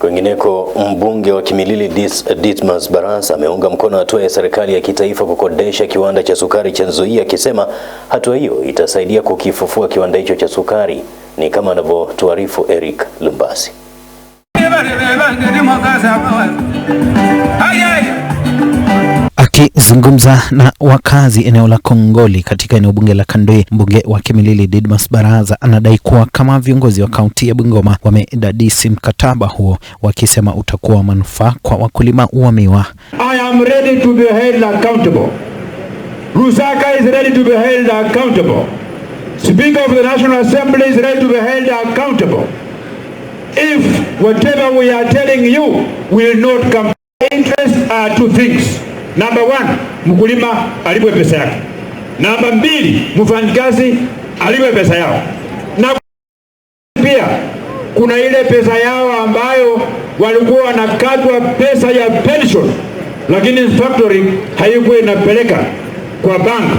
Kwingineko, mbunge wa Kimilili Dismas Barasa ameunga mkono hatua ya serikali ya kitaifa kukodesha kiwanda cha sukari cha Nzoia, akisema hatua hiyo itasaidia kukifufua kiwanda hicho cha sukari. Ni kama anavyotuarifu Eric Lumbasi. Akizungumza na wakazi eneo la Kongoli katika eneo bunge la Kandoe, mbunge wa Kimilili Didmas Baraza anadai kuwa kama viongozi wa kaunti ya Bungoma wamedadisi mkataba huo, wakisema utakuwa manufaa kwa wakulima wa miwa. I am ready to be held accountable. Rusaka is ready to be held accountable. Speaker of the National Assembly is ready to be held accountable. If whatever we are telling you will not come, interest are two things. Namba one, mkulima alipwe pesa yake. Namba mbili, mfanyikazi alipwe pesa yao, na pia kuna ile pesa yao ambayo walikuwa wanakatwa pesa ya pension, lakini factory haikuwa inapeleka kwa bank.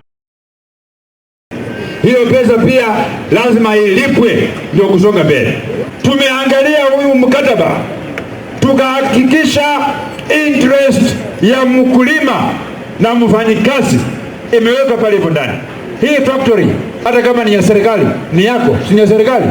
Hiyo pesa pia lazima ilipwe ndio kusonga mbele. Tumeangalia huyu mkataba tukahakikisha interest ya mkulima na mfanyikazi imewekwa pale hivyo ndani. Hii factory hata kama ni ya serikali ni yako, si ya serikali.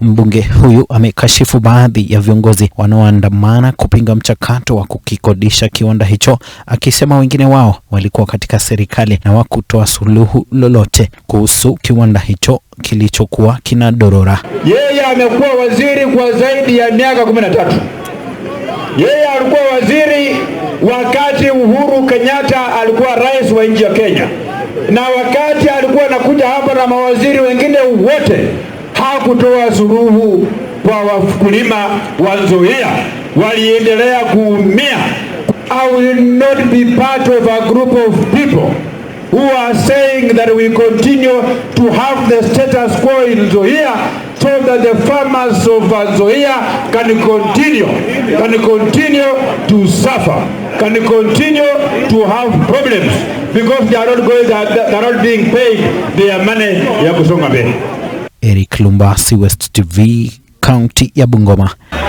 Mbunge huyu amekashifu baadhi ya viongozi wanaoandamana kupinga mchakato wa kukikodisha kiwanda hicho, akisema wengine wao walikuwa katika serikali na wakutoa suluhu lolote kuhusu kiwanda hicho kilichokuwa kina dorora. Yeye amekuwa waziri kwa zaidi ya miaka kumi na tatu. Yeye alikuwa waziri wakati Uhuru Kenyatta alikuwa rais wa nchi ya Kenya, na wakati alikuwa anakuja hapa na mawaziri wengine wote hakutoa suluhu kwa wakulima wa Nzoia, waliendelea kuumia. I will not be part of a group of people who are saying that we continue to have the status quo in Nzoia so that the farmers of Zoia can continue, can continue to suffer, can continue to have problems because they are not going, they are not being paid their money ya kusonga mbele. Eric Lumbasi, West TV, County ya Bungoma.